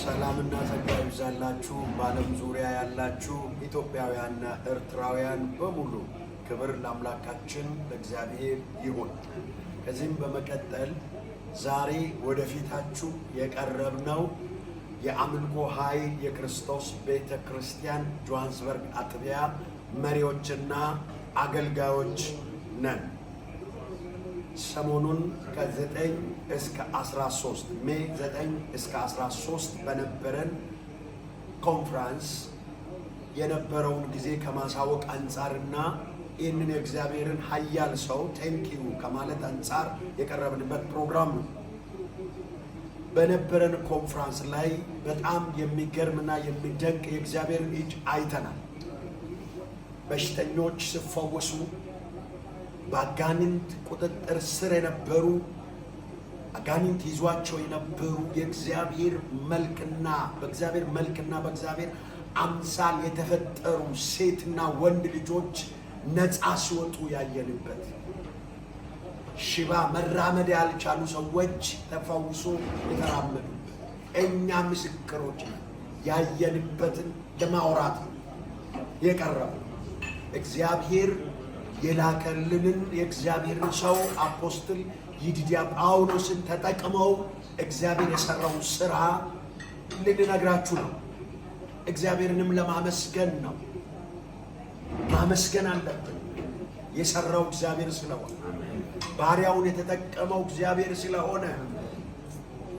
ሰላምና ጸጋ ይብዛላችሁ። በዓለም ዙሪያ ያላችሁ ኢትዮጵያውያንና ኤርትራውያን በሙሉ ክብር ለአምላካችን ለእግዚአብሔር ይሁን። ከዚህም በመቀጠል ዛሬ ወደፊታችሁ የቀረብነው የአምልኮ ኃይል የክርስቶስ ቤተ ክርስቲያን ጆሃንስበርግ አጥቢያ መሪዎችና አገልጋዮች ነን። ሰሞኑን ከዘ9 እስከ 13 ሜ 9 እስከ 13 በነበረን ኮንፍራንስ የነበረውን ጊዜ ከማሳወቅ አንጻርና ይህንን የእግዚአብሔርን ኃያል ሰው ቴንኪዩ ከማለት አንጻር የቀረብንበት ፕሮግራም ነው። በነበረን ኮንፍራንስ ላይ በጣም የሚገርምና የሚደንቅ የእግዚአብሔርን እጅ አይተናል። በሽተኞች ሲፈወሱ በአጋንንት ቁጥጥር ስር የነበሩ አጋንንት ይዟቸው የነበሩ የእግዚአብሔር መልክና በእግዚአብሔር መልክና በእግዚአብሔር አምሳል የተፈጠሩ ሴትና ወንድ ልጆች ነፃ ሲወጡ ያየንበት ሽባ መራመድ ያልቻሉ ሰዎች ተፈውሶ የተራመዱበት እኛ ምስክሮች ያየንበትን ለማውራት የቀረቡ እግዚአብሔር የላከልንን የእግዚአብሔርን ሰው አፖስትል ይድድያ ጳውሎስን ተጠቅመው እግዚአብሔር የሰራው ስራ ልንነግራችሁ ነው። እግዚአብሔርንም ለማመስገን ነው። ማመስገን አለብን። የሰራው እግዚአብሔር ስለሆነ ባሪያውን የተጠቀመው እግዚአብሔር ስለሆነ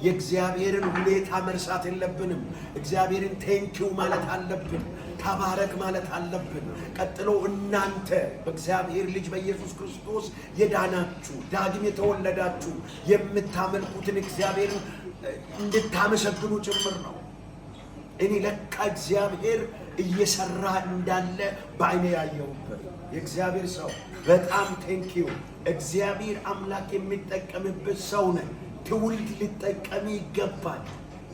የእግዚአብሔርን ሁኔታ መርሳት የለብንም። እግዚአብሔርን ቴንኪው ማለት አለብን። ተባረክ ማለት አለብን። ቀጥሎ እናንተ በእግዚአብሔር ልጅ በኢየሱስ ክርስቶስ የዳናችሁ ዳግም የተወለዳችሁ የምታመልኩትን እግዚአብሔር እንድታመሰግኑ ጭምር ነው። እኔ ለካ እግዚአብሔር እየሰራ እንዳለ በአይኔ ያየሁበት የእግዚአብሔር ሰው በጣም ቴንኪዩ። እግዚአብሔር አምላክ የሚጠቀምበት ሰው ነ ትውልድ ሊጠቀም ይገባል።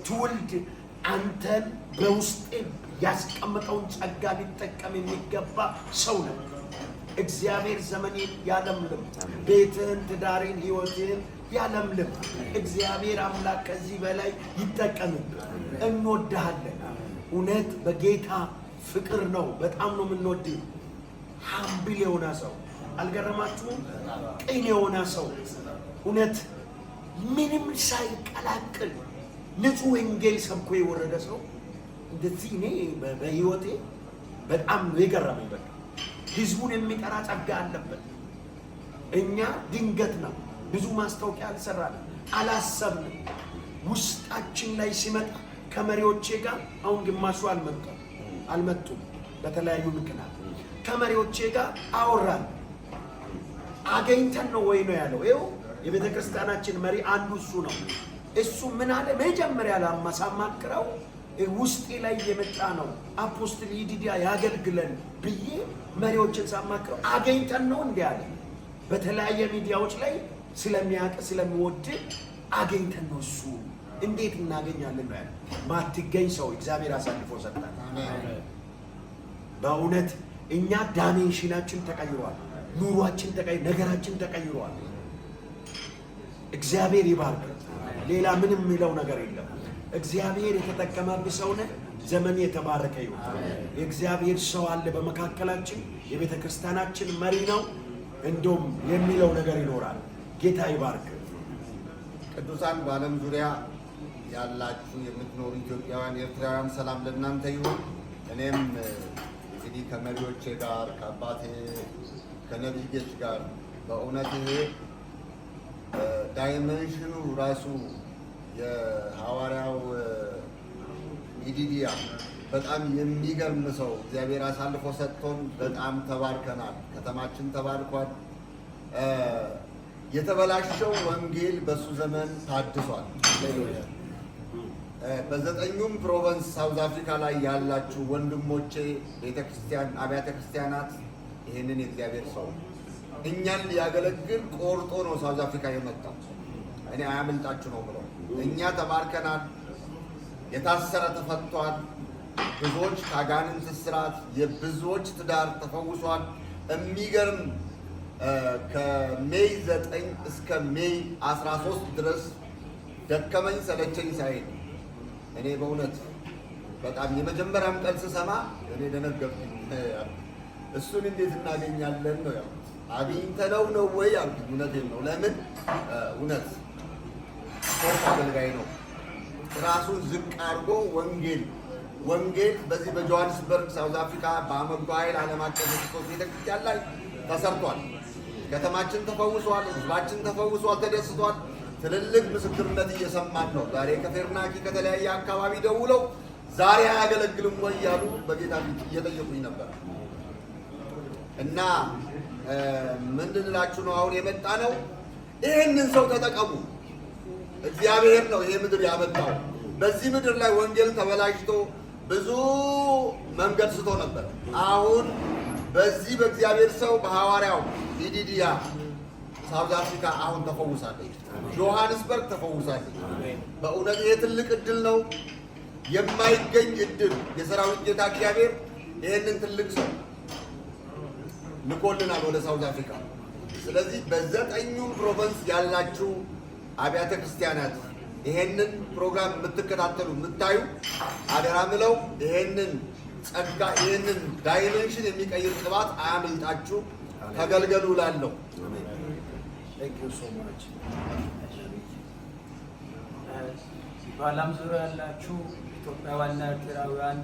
ትውልድ አንተን በውስጤ ያስቀመጠውን ጸጋ ሊጠቀም የሚገባ ሰው ነው። እግዚአብሔር ዘመኔን ያለምልም፣ ቤትህን፣ ትዳሬን፣ ህይወትህን ያለምልም። እግዚአብሔር አምላክ ከዚህ በላይ ይጠቀምም። እንወድሃለን። እውነት በጌታ ፍቅር ነው። በጣም ነው የምንወድ። ሀምብል የሆነ ሰው አልገረማችሁም? ቅን የሆነ ሰው እውነት ምንም ሳይቀላቅል ንጹሕ ወንጌል ሰብኮ የወረደ ሰው እንደዚህ እኔ በህይወቴ በጣም የገረመኝ በቃ ህዝቡን የሚጠራ ጸጋ አለበት። እኛ ድንገት ነው፣ ብዙ ማስታወቂያ አልሰራንም፣ አላሰብንም። ውስጣችን ላይ ሲመጣ ከመሪዎቼ ጋር አሁን ግማሹ አልመጡም አልመጡም በተለያዩ ምክንያት ከመሪዎቼ ጋር አወራን። አገኝተን ነው ወይ ነው ያለው። ይኸው የቤተ ክርስቲያናችን መሪ አንዱ እሱ ነው። እሱ ምን አለ መጀመሪያ ላማሳማክረው ውስጤ ላይ የመጣ ነው። አፖስትል ይዲዲያ ያገልግለን ብዬ መሪዎችን ሳማክረው አገኝተን ነው እንዲህ አለ። በተለያየ ሚዲያዎች ላይ ስለሚያውቅ ስለሚወድ አገኝተን ነው እሱ እንዴት እናገኛለን ነው ያለ። ማትገኝ ሰው እግዚአብሔር አሳልፎ ሰጥታል። በእውነት እኛ ዳሜንሽናችን ተቀይሯል። ኑሯችን ተቀይ ነገራችን ተቀይሯል። እግዚአብሔር ይባርክ። ሌላ ምንም የሚለው ነገር የለም። እግዚአብሔር የተጠቀመብህ ሰው ነህ። ዘመን የተባረከ ይሁን። የእግዚአብሔር ሰው አለ በመካከላችን፣ የቤተ ክርስቲያናችን መሪ ነው። እንደውም የሚለው ነገር ይኖራል። ጌታ ይባርክ። ቅዱሳን በዓለም ዙሪያ ያላችሁ የምትኖሩ ኢትዮጵያውያን፣ ኤርትራውያን ሰላም ለእናንተ ይሁን። እኔም እንግዲህ ከመሪዎቼ ጋር ከአባቴ ከነብይጌች ጋር በእውነት ይሄ ዳይመንሽኑ ራሱ ዲዲያ በጣም የሚገርም ሰው እግዚአብሔር አሳልፎ ሰጥቶን በጣም ተባርከናል። ከተማችን ተባርኳል። የተበላሸው ወንጌል በሱ ዘመን ታድሷል። በዘጠኙም ፕሮቨንስ ሳውዝ አፍሪካ ላይ ያላችሁ ወንድሞቼ ቤተክርስቲያን፣ አብያተ ክርስቲያናት ይህንን የእግዚአብሔር ሰው እኛን ሊያገለግል ቆርጦ ነው ሳውዝ አፍሪካ የመጣው። እኔ አያመልጣችሁ ነው ብለው እኛ ተባርከናል። የታሰረ ተፈቷል። ብዙዎች ከአጋንንት እስራት፣ የብዙዎች ትዳር ተፈውሷል። የሚገርም ከሜይ 9 እስከ ሜይ 13 ድረስ ደከመኝ ሰለቸኝ ሳይል እኔ በእውነት በጣም የመጀመሪያም ቀን ስሰማ እኔ ደነገርኩኝ። እሱን እንዴት እናገኛለን ነው ያው አግኝተነው ነው ወይ አልኩኝ። እውነቴን ነው። ለምን እውነት ሶስት አገልጋይ ነው ራሱን ዝቅ አድርጎ ወንጌል ወንጌል በዚህ በጆሃንስበርግ ሳውዝ አፍሪካ በአመጉ ኃይል ዓለም አቀፍ ክርስቶስ ቤተክርስቲያን ላይ ተሰርቷል። ከተማችን ተፈውሷል። ህዝባችን ተፈውሷል፣ ተደስቷል። ትልልቅ ምስክርነት እየሰማን ነው። ዛሬ ከፌርናኪ ከተለያየ አካባቢ ደውለው ዛሬ አያገለግልም ወይ እያሉ በጌታ እየጠየቁኝ ነበር እና ምንድንላችሁ ነው አሁን የመጣ ነው። ይህንን ሰው ተጠቀሙ። እግዚአብሔር ነው ይሄ ምድር ያመጣው። በዚህ ምድር ላይ ወንጌል ተበላሽቶ ብዙ መንገድ ስቶ ነበር። አሁን በዚህ በእግዚአብሔር ሰው በሐዋርያው ዲዲዲያ ሳውዝ አፍሪካ አሁን ተፈውሳለች፣ ጆሃንስበርግ ተፈውሳለች። በእውነት ይሄ ትልቅ እድል ነው፣ የማይገኝ እድል። የሰራዊት ጌታ እግዚአብሔር ይህንን ትልቅ ሰው ልኮልናል ወደ ሳውዝ አፍሪካ። ስለዚህ በዘጠኙ ፕሮቨንስ ያላችሁ አብያተ ክርስቲያናት ይሄንን ፕሮግራም የምትከታተሉ የምታዩ አደራ ምለው ይሄንን ጸጋ ይህንን ዳይሜንሽን የሚቀይር ቅባት አያመልጣችሁ፣ ተገልገሉ እላለሁ። በዓለም ዙሪያ ያላችሁ ኢትዮጵያውያንና ኤርትራውያን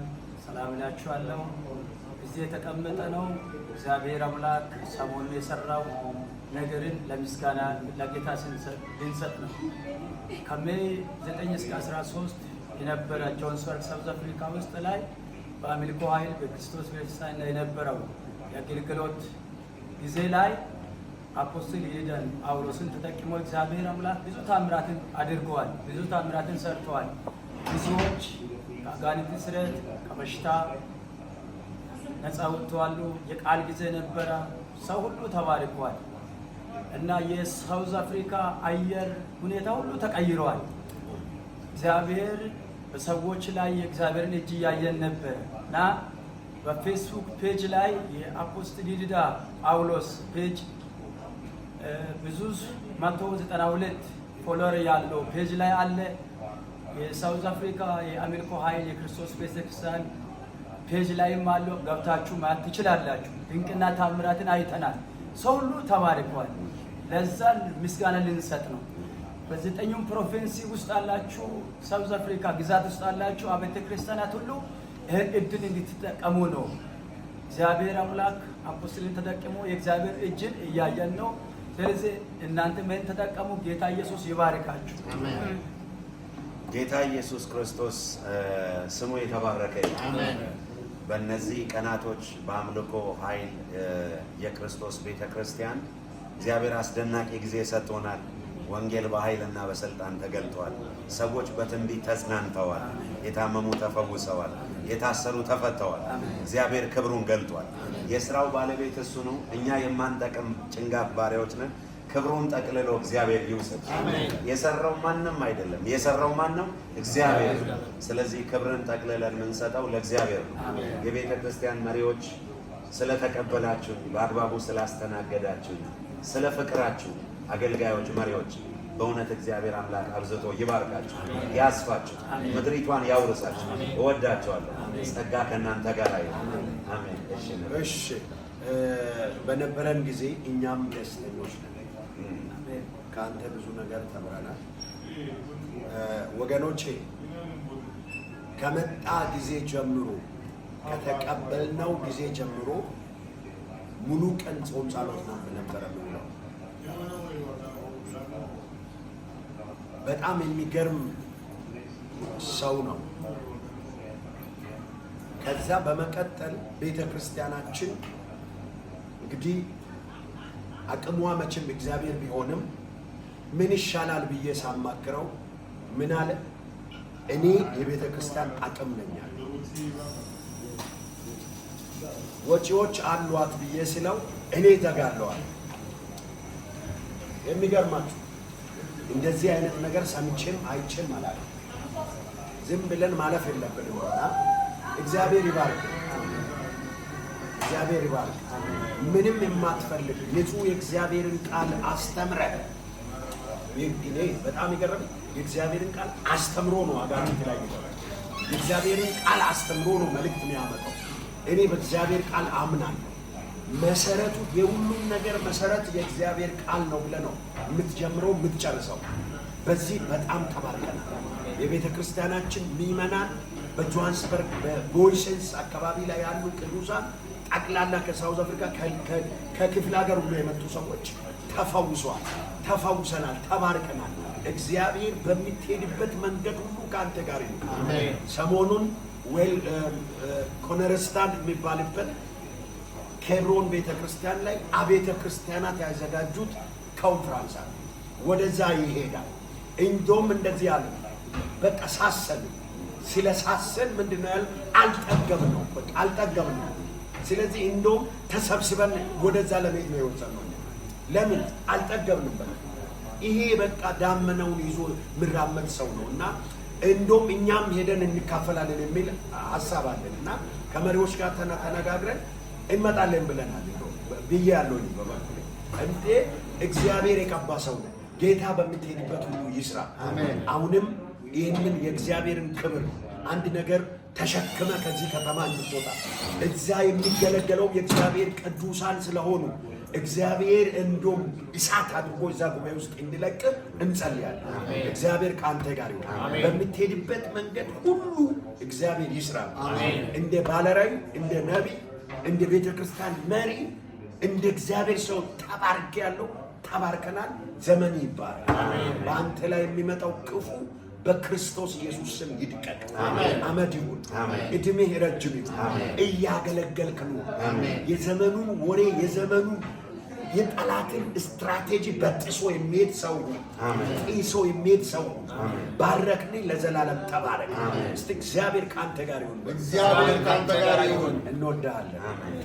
ሰላም እላችኋለሁ። እዚህ የተቀመጠ ነው እግዚአብሔር አምላክ ሰሞኑ የሰራው ነገርን ለምስጋና ለጌታ ልንሰጥ ነው። ከሜይ 9 እስከ 13 የነበረ ጆሃንስበርግ ሳውዝ አፍሪካ ውስጥ ላይ በአሚልኮ ኃይል በክርስቶስ ቤተክርስቲያን የነበረው የአገልግሎት ጊዜ ላይ አፖስትል ይሄዳል ጳውሎስን ተጠቅሞ እግዚአብሔር አምላክ ብዙ ታምራትን አድርገዋል። ብዙ ታምራትን ሰርተዋል። ብዙዎች ከአጋንንት ስረት ከበሽታ ነፃ ወጥተዋል። የቃል ጊዜ ነበረ። ሰው ሁሉ ተባርከዋል እና የሳውዝ አፍሪካ አየር ሁኔታ ሁሉ ተቀይረዋል። እግዚአብሔር በሰዎች ላይ የእግዚአብሔርን እጅ እያየን ነበር እና በፌስቡክ ፔጅ ላይ የአፖስትል ይሁዳ ጳውሎስ ፔጅ ብዙ 192 ፎሎወር ያለው ፔጅ ላይ አለ። የሳውዝ አፍሪካ የአሜሪኮ ኃይል የክርስቶስ ቤተክርስቲያን ፔጅ ላይም አለው። ገብታችሁ ማየት ትችላላችሁ። ድንቅና ታምራትን አይተናል። ሰው ሁሉ ተባርከዋል። ለዛን ምስጋና ልንሰጥ ነው። በዘጠኙም ፕሮቪንስ ውስጥ አላችሁ፣ ሳውዝ አፍሪካ ግዛት ውስጥ አላችሁ አብያተ ክርስቲያናት ሁሉ ይህን እድል እንድትጠቀሙ ነው። እግዚአብሔር አምላክ አፖስትልን ተጠቅሞ የእግዚአብሔር እጅን እያየን ነው። ስለዚህ እናንተ ምን ተጠቀሙ። ጌታ ኢየሱስ ይባርካችሁ። ጌታ ኢየሱስ ክርስቶስ ስሙ የተባረከ። በእነዚህ ቀናቶች በአምልኮ ኃይል የክርስቶስ ቤተ ክርስቲያን እግዚአብሔር አስደናቂ ጊዜ ሰጥቶናል። ወንጌል በኃይልና በስልጣን ተገልጧል። ሰዎች በትንቢት ተጽናንተዋል። የታመሙ ተፈውሰዋል። የታሰሩ ተፈተዋል። እግዚአብሔር ክብሩን ገልጧል። የስራው ባለቤት እሱ ነው። እኛ የማንጠቅም ጭንጋፍ ባሪያዎች ነን። ክብሩን ጠቅልሎ እግዚአብሔር ይውሰድ። የሰራው ማንም አይደለም። የሰራው ማን ነው? እግዚአብሔር። ስለዚህ ክብርን ጠቅልለን የምንሰጠው ለእግዚአብሔር ነው። የቤተ ክርስቲያን መሪዎች ስለተቀበላችሁ፣ በአግባቡ ስላስተናገዳችሁ፣ ስለ ፍቅራችሁ አገልጋዮች፣ መሪዎች በእውነት እግዚአብሔር አምላክ አብዝቶ ይባርካችሁ፣ ያስፋችሁ፣ ምድሪቷን ያውርሳችሁ። እወዳቸዋለሁ። ጸጋ ከእናንተ ጋር ይ እሺ፣ በነበረን ጊዜ እኛም ደስተኞች ነን። ከአንተ ብዙ ነገር ተምረናል። ወገኖቼ ከመጣ ጊዜ ጀምሮ ከተቀበልነው ጊዜ ጀምሮ ሙሉ ቀን ጾም ጸሎት ነው ነበረ ምንለው በጣም የሚገርም ሰው ነው። ከዛ በመቀጠል ቤተ ክርስቲያናችን እንግዲህ አቅሟ መቼም እግዚአብሔር ቢሆንም ምን ይሻላል ብዬ ሳማክረው ምን አለ እኔ የቤተ ክርስቲያን አቅም ነኛል ወጪዎች አሏት ብዬ ስለው እኔ ተጋለዋል። የሚገርማችሁ እንደዚህ አይነት ነገር ሰምቼም አይቼም አላለ። ዝም ብለን ማለፍ የለብን እና እግዚአብሔር ይባርክ፣ እግዚአብሔር ይባርክ። ምንም የማትፈልግ ንጹህ የእግዚአብሔርን ቃል አስተምረ እኔ በጣም ይገርም። የእግዚአብሔርን ቃል አስተምሮ ነው አጋንንት ላይ የእግዚአብሔርን ቃል አስተምሮ ነው መልእክት የሚያመጣው። እኔ በእግዚአብሔር ቃል አምናለሁ። መሰረቱ የሁሉም ነገር መሰረት የእግዚአብሔር ቃል ነው ብለህ ነው የምትጀምረው የምትጨርሰው። በዚህ በጣም ተባርከናል። የቤተ ክርስቲያናችን ምዕመናን በጆሃንስበርግ በቦይሴንስ አካባቢ ላይ ያሉ ቅዱሳን ጠቅላላ ከሳውዝ አፍሪካ ከክፍለ ሀገር ሁሉ የመጡ ሰዎች ተፈውሷል፣ ተፈውሰናል፣ ተባርከናል። እግዚአብሔር በምትሄድበት መንገድ ሁሉ ከአንተ ጋር ይሉ ሰሞኑን ዌል ኮነረስታን የሚባልበት ኬብሮን ቤተ ክርስቲያን ላይ አቤተ ክርስቲያናት ያዘጋጁት ኮንፍራንስ አለ። ወደዛ ይሄዳል። እንዶም እንደዚህ አለ። በቃ ሳሰን ስለሳሰን ምንድን ነው ያለ አልጠገብ ነው በቃ አልጠገብ ነው። ስለዚህ እንዶም ተሰብስበን ወደዛ ለመሄድ ነው ነው። ለምን አልጠገብንም? በቃ ይሄ በቃ ዳመናውን ይዞ የሚራመድ ሰው ነው እና እኛም ሄደን እንካፈላለን የሚል ሀሳብ አለን እና ከመሪዎች ጋር ተነጋግረን እንመጣለን ብለናል ብዬ ያለሁኝ በበኩሌ እንዴ እግዚአብሔር የቀባ ሰው ነው። ጌታ በምትሄድበት ሁሉ ይስራ። አሁንም ይህንን የእግዚአብሔርን ክብር አንድ ነገር ተሸክመ ከዚህ ከተማ እንድትወጣ እዛ የሚገለገለው የእግዚአብሔር ቅዱሳን ስለሆኑ እግዚአብሔር እንዶም እሳት አድርጎ እዛ ጉባኤ ውስጥ እንዲለቅ እንጸልያለን። እግዚአብሔር ከአንተ ጋር ይሆናል። በምትሄድበት መንገድ ሁሉ እግዚአብሔር ይስራ። እንደ ባለራዕይ እንደ ነቢይ እንደ ቤተ ክርስቲያን መሪ እንደ እግዚአብሔር ሰው ተባርክ ያለው ተባርከናል። ዘመን ይባላል። በአንተ ላይ የሚመጣው ክፉ በክርስቶስ ኢየሱስ ስም ይድቀቅ። አመድ ይሁን፣ እድሜ ረጅም ይሁን፣ እያገለገልክ ነው። የዘመኑን ወሬ የዘመኑ የጠላትን ስትራቴጂ በጥሶ የሚሄድ ሰው ጥሶ የሚሄድ ሰው ባረክኒ፣ ለዘላለም ተባረክ። እስቲ እግዚአብሔር ከአንተ ጋር ይሁን፣ እግዚአብሔር ከአንተ ጋር ይሁን። እንወዳለን፣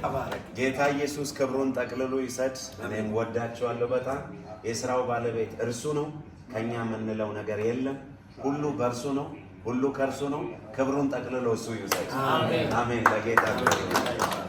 ተባረክ። ጌታ ኢየሱስ ክብሩን ጠቅልሎ ይሰድ። እኔም ወዳቸዋለሁ በጣም የስራው ባለቤት እርሱ ነው። ከእኛ የምንለው ነገር የለም። ሁሉ በእርሱ ነው፣ ሁሉ ከእርሱ ነው። ክብሩን ጠቅልሎ እሱ ይውሰድ። አሜን። ለጌታ